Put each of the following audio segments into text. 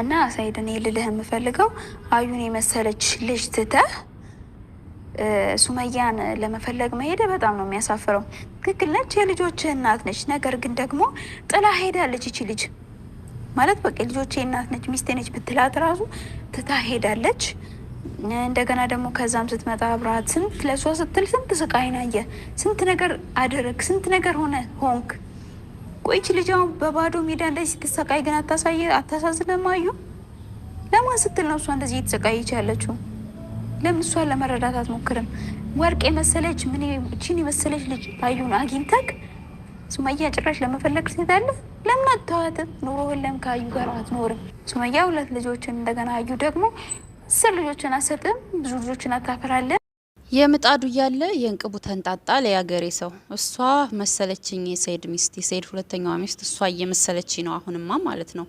እና ሳይድ እኔ ልልህ የምፈልገው አዩን የመሰለች ልጅ ትተህ ሱመያን ለመፈለግ መሄደ በጣም ነው የሚያሳፍረው። ትክክል ነች፣ የልጆች እናት ነች። ነገር ግን ደግሞ ጥላ ሄዳለች። ይቺ ልጅ ማለት በቃ የልጆች እናት ነች፣ ሚስቴ ነች ብትላት ራሱ ትታ ሄዳለች። እንደገና ደግሞ ከዛም ስትመጣ አብረሃት ስንት ለእሷ ስትል ስንት ስቃይን አየህ፣ ስንት ነገር አደረግ፣ ስንት ነገር ሆነ ሆንክ ቆይች ልጅ በባዶ ሜዳ እንደዚህ ስትሰቃይ ግን አታሳይ አታሳዝንም? አዩ ለማን ስትል ነው እሷ እንደዚህ እየተሰቃየች ያለችው? ለምን እሷን ለመረዳት አትሞክርም? ወርቅ የመሰለች ምን እቺን የመሰለች ልጅ አዩን አግኝተክ ሱመያ ጭራሽ ለመፈለግ ሴታለ ለምን አታዋትም ኑሮ ለም ከአዩ ጋር አትኖርም? ሱመያ ሁለት ልጆችን እንደገና አዩ ደግሞ አስር ልጆችን አሰጥም ብዙ ልጆችን አታፈራለን የምጣዱ እያለ የእንቅቡ ተንጣጣ ለያገሬ ሰው እሷ መሰለችኝ የሰይድ ሚስት የሰይድ ሁለተኛዋ ሚስት እሷ እየመሰለች ነው አሁንማ ማለት ነው።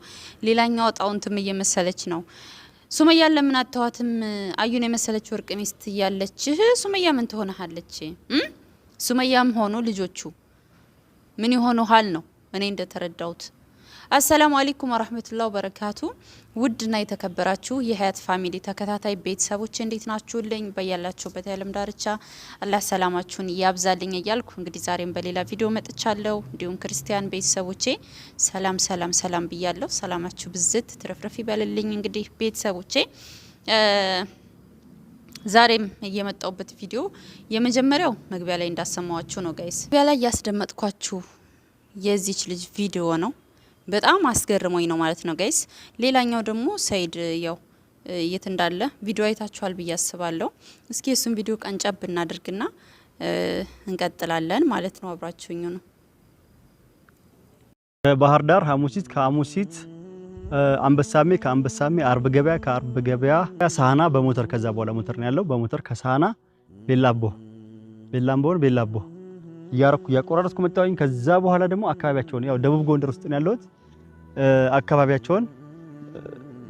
ሌላኛው ጣውንትም እየመሰለች ነው። ሱመያ ለምን አተዋትም? አዩን የመሰለች ወርቅ ሚስት እያለችህ ሱመያ ምን ትሆናለች? ሱመያም ሆኑ ልጆቹ ምን የሆኑ ነው እኔ እንደተረዳሁት አሰላሙ አለይኩም ወራህመቱላሂ ወበረካቱ። ውድና የተከበራችሁ የሀያት ፋሚሊ ተከታታይ ቤተሰቦች እንዴት ናችሁልኝ? በያላችሁበት የዓለም ዳርቻ አላህ ሰላማችሁን ያብዛልኝ እያልኩ እንግዲህ ዛሬም በሌላ ቪዲዮ መጥቻለሁ። እንዲሁም ክርስቲያን ቤተሰቦቼ ሰላም ሰላም ሰላም ብያለሁ። ሰላማችሁ ብዝት ትርፍርፍ ይበልልኝ። እንግዲህ ቤተሰቦቼ ዛሬም የመጣውበት ቪዲዮ የመጀመሪያው መግቢያ ላይ እንዳሰማዋችሁ ነው ጋይስ። መግቢያ ላይ ያስደመጥኳችሁ የዚች ልጅ ቪዲዮ ነው። በጣም አስገርሞኝ ነው ማለት ነው ጋይስ። ሌላኛው ደግሞ ሰይድ ያው የት እንዳለ ቪዲዮ አይታችኋል ብዬ አስባለሁ። እስኪ እሱን ቪዲዮ ቀንጨብ ብናደርግና እንቀጥላለን ማለት ነው። አብራችሁኝ ነው። ባህር ዳር ሐሙሲት፣ ከሐሙሲት አንበሳሜ፣ ከአንበሳሜ አርብ ገበያ፣ ከአርብ ገበያ ሳህና በሞተር ከዛ በኋላ ሞተር ነው ያለው። በሞተር ከሳህና ቤላምቦ፣ ቤላምቦን ቤላምቦ እያረኩ እያቆራረስኩ መጣሁኝ። ከዛ በኋላ ደግሞ አካባቢያቸውን ያው ደቡብ ጎንደር ውስጥ ነው ያለሁት። አካባቢያቸውን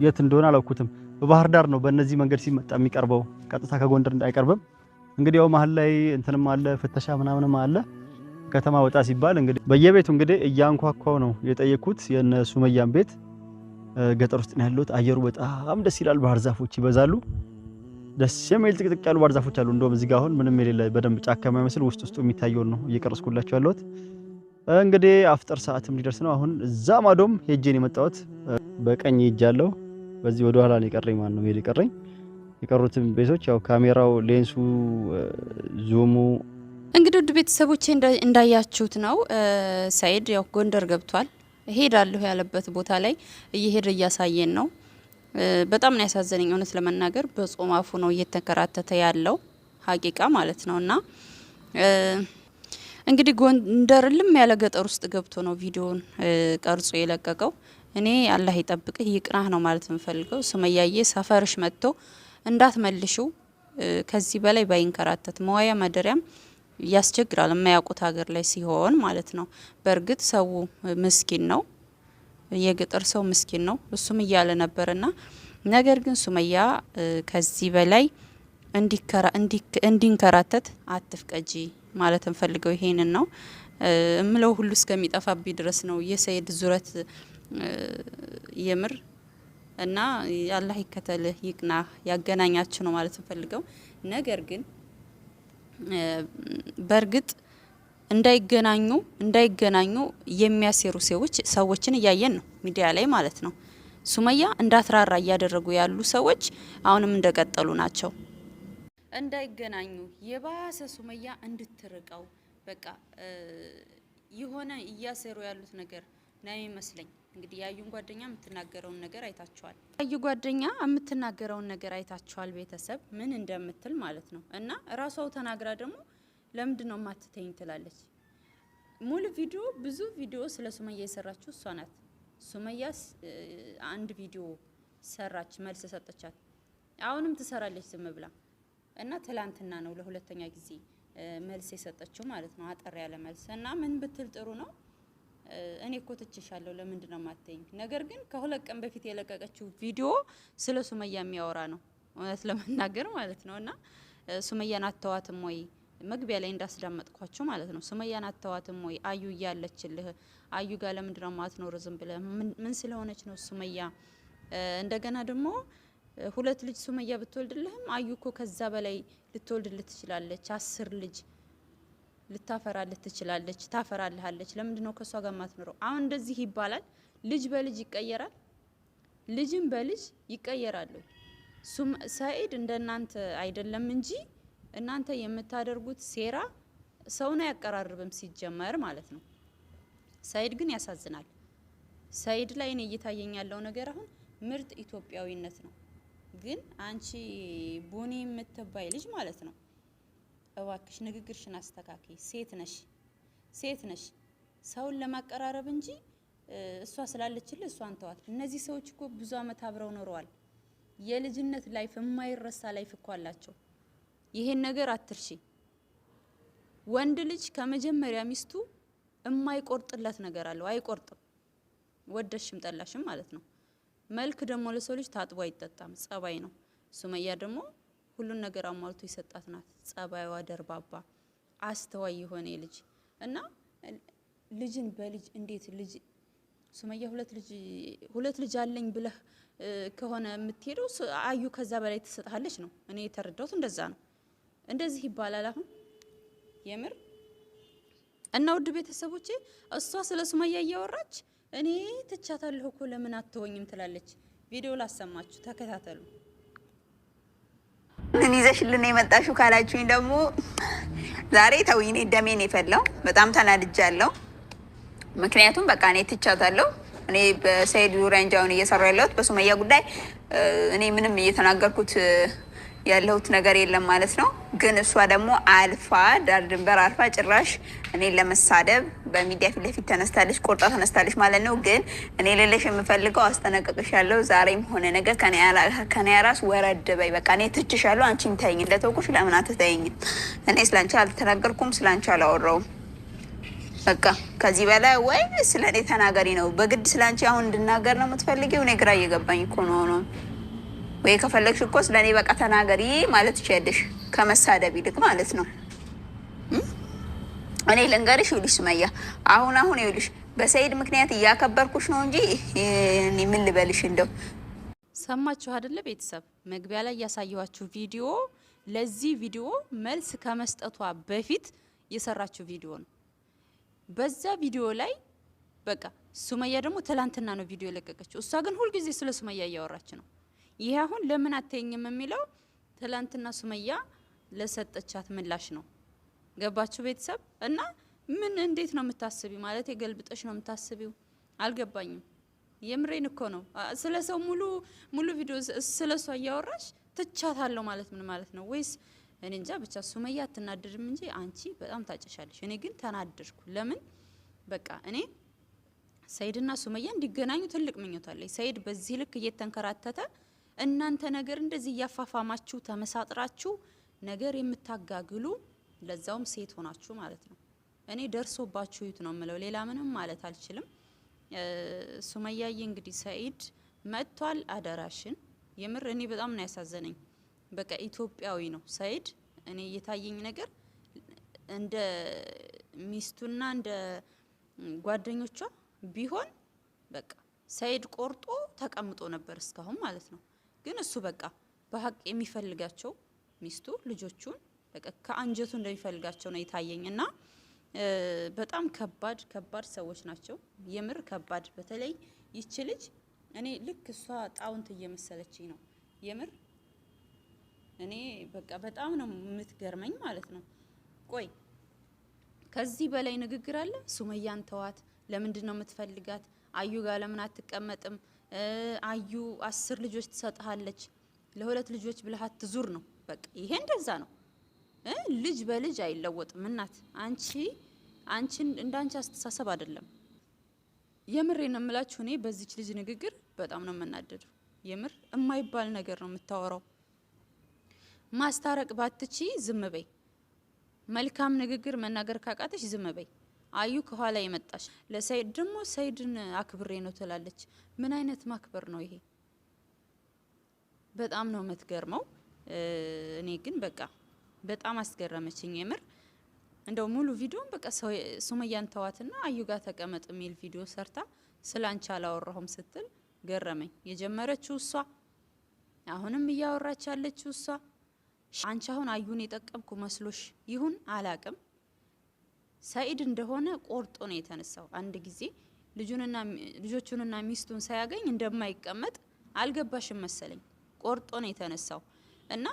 የት እንደሆነ አላውኩትም። በባህር ዳር ነው በእነዚህ መንገድ ሲመጣ የሚቀርበው ቀጥታ ከጎንደር እንዳይቀርብም እንግዲህ ያው መሀል ላይ እንትንም አለ ፍተሻ ምናምንም አለ። ከተማ ወጣ ሲባል እንግዲህ በየቤቱ እንግዲህ እያንኳኳው ነው የጠየኩት። የነ ሱመያን ቤት ገጠር ውስጥ ነው ያለሁት። አየሩ በጣም ደስ ይላል። ባህር ዛፎች ይበዛሉ። ደስ የሚል ጥቅጥቅ ያሉ ባህር ዛፎች አሉ። እንደውም እዚህ ጋር አሁን ምንም የሌለ በደንብ ጫካ የማይመስል ውስጥ ውስጡ የሚታየውን ነው እየቀረስኩላቸው ያለሁት። እንግዲህ አፍጠር ሰዓትም ሊደርስ ነው። አሁን እዛ ማዶም ሄጄን የመጣሁት በቀኝ ሄጅ አለው። በዚህ ወደ ኋላ ነው የቀረኝ ማለት ነው። ሄድ የቀረኝ የቀሩትም ቤቶች ያው ካሜራው፣ ሌንሱ፣ ዙሙ እንግዲህ ውድ ቤተሰቦቼ እንዳያችሁት ነው። ሰኢድ ያው ጎንደር ገብቷል። ሄዳለሁ ያለበት ቦታ ላይ እየሄድ እያሳየን ነው። በጣም ነው ያሳዘነኝ። እውነት ለመናገር በጾም አፉ ነው እየተንከራተተ ያለው ሀቂቃ ማለት ነው። እና እንግዲህ ጎንደር ልም ያለ ገጠር ውስጥ ገብቶ ነው ቪዲዮን ቀርጾ የለቀቀው። እኔ አላህ ይጠብቅህ ይቅናህ ነው ማለት የምፈልገው። ሱመያዬ ሰፈርሽ መጥቶ እንዳት መልሹ ከዚህ በላይ ባይንከራተት መዋያ ማደሪያም ያስቸግራል። የማያውቁት ሀገር ላይ ሲሆን ማለት ነው። በእርግጥ ሰው ምስኪን ነው የገጠር ሰው ምስኪን ነው እሱም እያለ ነበርና ነገር ግን ሱመያ ከዚህ በላይ እንዲንከራተት አትፍቀጂ ማለት እንፈልገው ይሄንን ነው እምለው ሁሉ እስከሚጠፋብኝ ድረስ ነው የሰይድ ዙረት የምር እና አላህ ይከተልህ ይቅና ያገናኛችሁ ነው ማለት እንፈልገው ነገር ግን በእርግጥ እንዳይገናኙ እንዳይገናኙ የሚያሴሩ ሰዎች ሰዎችን እያየን ነው ሚዲያ ላይ ማለት ነው። ሱመያ እንዳትራራ እያደረጉ ያሉ ሰዎች አሁንም እንደቀጠሉ ናቸው። እንዳይገናኙ የባሰ ሱመያ እንድትርቀው በቃ የሆነ እያሴሩ ያሉት ነገር ነው የሚመስለኝ። እንግዲህ ያዩን ጓደኛ የምትናገረውን ነገር አይታችኋል። ያዩ ጓደኛ የምትናገረውን ነገር አይታችኋል። ቤተሰብ ምን እንደምትል ማለት ነው። እና ራሷው ተናግራ ደግሞ ለምንድን ነው ማትተኝ ትላለች። ሙሉ ቪዲዮ ብዙ ቪዲዮ ስለ ሱመያ የሰራችው እሷ ናት። ሱመያ አንድ ቪዲዮ ሰራች፣ መልስ ሰጠቻት። አሁንም ትሰራለች ዝም ብላ እና ትላንትና ነው ለሁለተኛ ጊዜ መልስ የሰጠችው ማለት ነው። አጠር ያለ መልስ እና ምን ብትል ጥሩ ነው፣ እኔ እኮ ትችሻለሁ፣ ለምንድን ነው የማትይኝ? ነገር ግን ከሁለት ቀን በፊት የለቀቀችው ቪዲዮ ስለ ሱመያ የሚያወራ ነው እውነት ለመናገር ማለት ነው እና ሱመያን አተዋትም ወይ መግቢያ ላይ እንዳስዳመጥኳቸው ማለት ነው። ሱመያን አተዋትም ወይ አዩ እያለችልህ አዩ ጋር ለምንድን ነው ማትኖር? ዝም ብለህ ምን ስለሆነች ነው ሱመያ? እንደገና ደግሞ ሁለት ልጅ ሱመያ ብትወልድልህም አዩ እኮ ከዛ በላይ ልትወልድልህ ትችላለች። አስር ልጅ ልታፈራልህ ትችላለች። ታፈራልሃለች። ለምንድን ነው ከእሷ ጋር ማትኖረው? አሁን እንደዚህ ይባላል። ልጅ በልጅ ይቀየራል። ልጅም በልጅ ይቀየራሉ። ሰኢድ እንደናንተ አይደለም እንጂ እናንተ የምታደርጉት ሴራ ሰውን አያቀራርብም ሲጀመር ማለት ነው። ሰይድ ግን ያሳዝናል። ሰይድ ላይ እኔ እየታየኝ ያለው ነገር አሁን ምርጥ ኢትዮጵያዊነት ነው። ግን አንቺ ቡኒ የምትባይ ልጅ ማለት ነው፣ እባክሽ ንግግርሽን አስተካክይ። ሴት ነሽ፣ ሴት ነሽ። ሰውን ለማቀራረብ እንጂ እሷ ስላለችል እሷን ተዋት። እነዚህ ሰዎች እኮ ብዙ አመት አብረው ኖረዋል። የልጅነት ላይፍ፣ የማይረሳ ላይፍ እኮ አላቸው። ይሄን ነገር አትርሺ። ወንድ ልጅ ከመጀመሪያ ሚስቱ እማይቆርጥለት ነገር አለው፣ አይቆርጥም። ወደሽም ጠላሽም ማለት ነው። መልክ ደግሞ ለሰው ልጅ ታጥቦ አይጠጣም፣ ጸባይ ነው። ሱመያ ደግሞ ሁሉን ነገር አሟልቶ የሰጣት ናት። ጸባይዋ ደርባባ፣ አስተዋይ የሆነ ልጅ እና ልጅን በልጅ እንዴት ልጅ ሱመያ ሁለት ልጅ ሁለት ልጅ አለኝ ብለህ ከሆነ የምትሄደው አዩ ከዛ በላይ ትሰጥሃለች ነው። እኔ የተረዳሁት እንደዛ ነው። እንደዚህ ይባላል። አሁን የምር እና ውድ ቤተሰቦቼ እሷ ስለ ሱመያ እያወራች እኔ ትቻታለሁ እኮ ለምን አትወኝም ትላለች። ቪዲዮ ላሰማችሁ ተከታተሉ። ምን ይዘሽልን የመጣሽው ካላችሁኝ ደግሞ ዛሬ ተውይኔ ደሜን የፈላው በጣም ተናድጃለሁ። ምክንያቱም በቃ እኔ ትቻታለሁ። እኔ በሰይድ ዙሪያ እንጂ እየሰራ ያለሁት በሱመያ ጉዳይ እኔ ምንም እየተናገርኩት ያለሁት ነገር የለም ማለት ነው። ግን እሷ ደግሞ አልፋ ዳር ድንበር አልፋ ጭራሽ እኔን ለመሳደብ በሚዲያ ፊት ለፊት ተነስታለች፣ ቆርጣ ተነስታለች ማለት ነው። ግን እኔ ልልሽ የምፈልገው አስጠነቀቅሽ ያለው ዛሬም ሆነ ነገር ከኔ ራስ ወረድ በይ። በቃ እኔ ትችሻለሁ። አንቺም ተይኝ፣ እንደተወኩሽ ለምን አትተይኝም? እኔ ስላንቺ አልተናገርኩም፣ ስላንቺ አላወራውም። በቃ ከዚህ በላይ ወይ ስለ እኔ ተናገሪ ነው። በግድ ስላንቺ አሁን እንድናገር ነው የምትፈልጊው? እኔ ግራ እየገባኝ እኮ ነው። ወይ ከፈለግሽ እኮ እኔ በቃ ተናገሪ ማለት ትችያለሽ፣ ከመሳደብ ይልቅ ማለት ነው። እኔ ልንገርሽ፣ ይኸውልሽ ሱመያ፣ አሁን አሁን ይኸውልሽ በሰይድ ምክንያት እያከበርኩሽ ነው እንጂ እኔ ምን ልበልሽ እንደው ሰማችሁ አይደለ? ቤተሰብ መግቢያ ላይ እያሳየኋችሁ ቪዲዮ ለዚህ ቪዲዮ መልስ ከመስጠቷ በፊት የሰራችሁ ቪዲዮ ነው። በዛ ቪዲዮ ላይ በቃ ሱመያ ደግሞ ትላንትና ነው ቪዲዮ የለቀቀችው። እሷ ግን ሁልጊዜ ስለ ሱመያ እያወራች ነው። ይሄ አሁን ለምን አተኝም የሚለው ትላንትና ሱመያ ለሰጠቻት ምላሽ ነው። ገባችሁ ቤተሰብ? እና ምን እንዴት ነው የምታስቢው? ማለት የገልብጠሽ ነው የምታስቢው? አልገባኝም። የምሬን እኮ ነው። ስለ ሰው ሙሉ ሙሉ ቪዲዮ ስለ እሷ እያወራሽ ትቻታለሁ ማለት ምን ማለት ነው? ወይስ እኔ እንጃ። ብቻ ሱመያ አትናደድም እንጂ አንቺ በጣም ታጨሻለሽ። እኔ ግን ተናደድኩ። ለምን በቃ እኔ ሰይድና ሱመያ እንዲገናኙ ትልቅ ምኞት አለኝ። ሰይድ በዚህ ልክ እየተንከራተተ እናንተ ነገር እንደዚህ እያፋፋማችሁ ተመሳጥራችሁ ነገር የምታጋግሉ ለዛውም ሴት ሆናችሁ ማለት ነው። እኔ ደርሶባችሁ ይት ነው የምለው፣ ሌላ ምንም ማለት አልችልም። ሱመያዬ እንግዲህ ሰኢድ መጥቷል። አደራሽን የምር እኔ በጣም ነው ያሳዘነኝ። በቃ ኢትዮጵያዊ ነው ሰኢድ። እኔ እየታየኝ ነገር እንደ ሚስቱና እንደ ጓደኞቿ ቢሆን በቃ ሰኢድ ቆርጦ ተቀምጦ ነበር እስካሁን ማለት ነው። ግን እሱ በቃ በሀቅ የሚፈልጋቸው ሚስቱ ልጆቹን በቃ ከአንጀቱ እንደሚፈልጋቸው ነው የታየኝ እና በጣም ከባድ ከባድ ሰዎች ናቸው። የምር ከባድ። በተለይ ይቺ ልጅ እኔ ልክ እሷ ጣውንት እየመሰለችኝ ነው የምር። እኔ በቃ በጣም ነው የምትገርመኝ ማለት ነው። ቆይ ከዚህ በላይ ንግግር አለ? ሱመያን ተዋት። ለምንድን ነው የምትፈልጋት? አዩ ጋር ለምን አትቀመጥም? አዩ አስር ልጆች ትሰጥሃለች ለሁለት ልጆች ብልሃት ትዙር ነው። በቃ ይሄ እንደዛ ነው። ልጅ በልጅ አይለወጥም። እናት አንቺ አንቺን እንዳንቺ አስተሳሰብ አይደለም። የምሬ ነው የምላችሁ። እኔ በዚች ልጅ ንግግር በጣም ነው የምናደደው። የምር የማይባል ነገር ነው የምታወራው። ማስታረቅ ባትቺ ዝም በይ። መልካም ንግግር መናገር ካቃተሽ ዝም በይ። አዩ ከኋላ የመጣች ለሰይድ ደግሞ ሰይድን አክብሬ ነው ትላለች። ምን አይነት ማክበር ነው ይሄ? በጣም ነው የምትገርመው። እኔ ግን በቃ በጣም አስገረመችኝ የምር እንደው ሙሉ ቪዲዮን በቃ ሱመያን ተዋትና አዩ ጋር ተቀመጥ የሚል ቪዲዮ ሰርታ ስለ አንቺ አላወራሁም ስትል ገረመኝ። የጀመረችው እሷ፣ አሁንም እያወራች ያለችው እሷ። አንቺ አሁን አዩን የጠቀምኩ መስሎሽ ይሁን አላቅም ሰኢድ እንደሆነ ቆርጦ ነው የተነሳው። አንድ ጊዜ ልጁንና ልጆቹንና ሚስቱን ሳያገኝ እንደማይቀመጥ አልገባሽም መሰለኝ። ቆርጦ ነው የተነሳው እና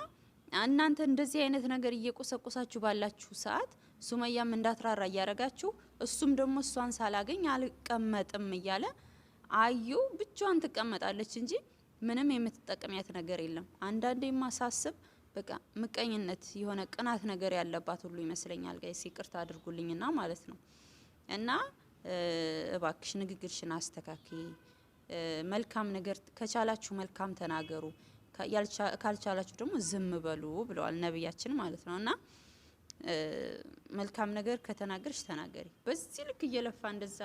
እናንተ እንደዚህ አይነት ነገር እየቆሰቆሳችሁ ባላችሁ ሰዓት ሱመያም እንዳትራራ እያረጋችሁ እሱም ደግሞ እሷን ሳላገኝ አልቀመጥም እያለ አዩ ብቻዋን ትቀመጣለች እንጂ ምንም የምትጠቅሚያት ነገር የለም። አንዳንዴ ማሳስብ በቃ ምቀኝነት የሆነ ቅናት ነገር ያለባት ሁሉ ይመስለኛል። ጋይስ ይቅርታ አድርጉልኝና ማለት ነው እና እባክሽ ንግግርሽን አስተካክይ። መልካም ነገር ከቻላችሁ መልካም ተናገሩ፣ ካልቻላችሁ ደግሞ ዝም በሉ ብለዋል ነቢያችን ማለት ነው እና መልካም ነገር ከተናገርሽ ተናገሪ። በዚህ ልክ እየለፋ እንደዛ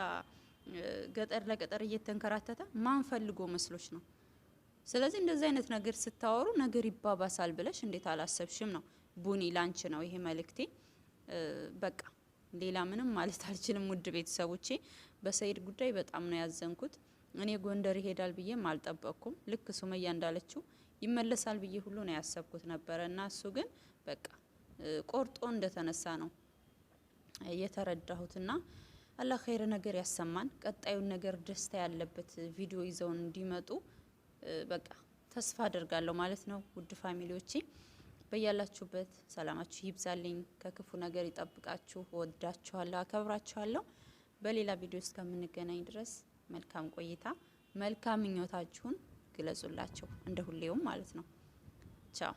ገጠር ለገጠር እየተንከራተተ ማን ፈልጎ መስሎች ነው? ስለዚህ እንደዚህ አይነት ነገር ስታወሩ ነገር ይባባሳል ብለሽ እንዴት አላሰብሽም ነው ቡኒ፣ ላንች ነው ይሄ መልእክቴ። በቃ ሌላ ምንም ማለት አልችልም። ውድ ቤተሰቦቼ በሰይድ ጉዳይ በጣም ነው ያዘንኩት። እኔ ጎንደር ይሄዳል ብዬም አልጠበቅኩም። ልክ ሱመያ እንዳለችው ይመለሳል ብዬ ሁሉ ነው ያሰብኩት ነበረ እና እሱ ግን በቃ ቆርጦ እንደተነሳ ነው የተረዳሁትና አላህ ኸይር ነገር ያሰማን። ቀጣዩን ነገር ደስታ ያለበት ቪዲዮ ይዘውን እንዲመጡ በቃ ተስፋ አድርጋለሁ ማለት ነው። ውድ ፋሚሊዎች በያላችሁበት ሰላማችሁ ይብዛልኝ፣ ከክፉ ነገር ይጠብቃችሁ። ወዳችኋለሁ፣ አከብራችኋለሁ። በሌላ ቪዲዮ እስከምንገናኝ ድረስ መልካም ቆይታ፣ መልካም ምኞታችሁን ግለጹላቸው እንደ ሁሌውም ማለት ነው። ቻው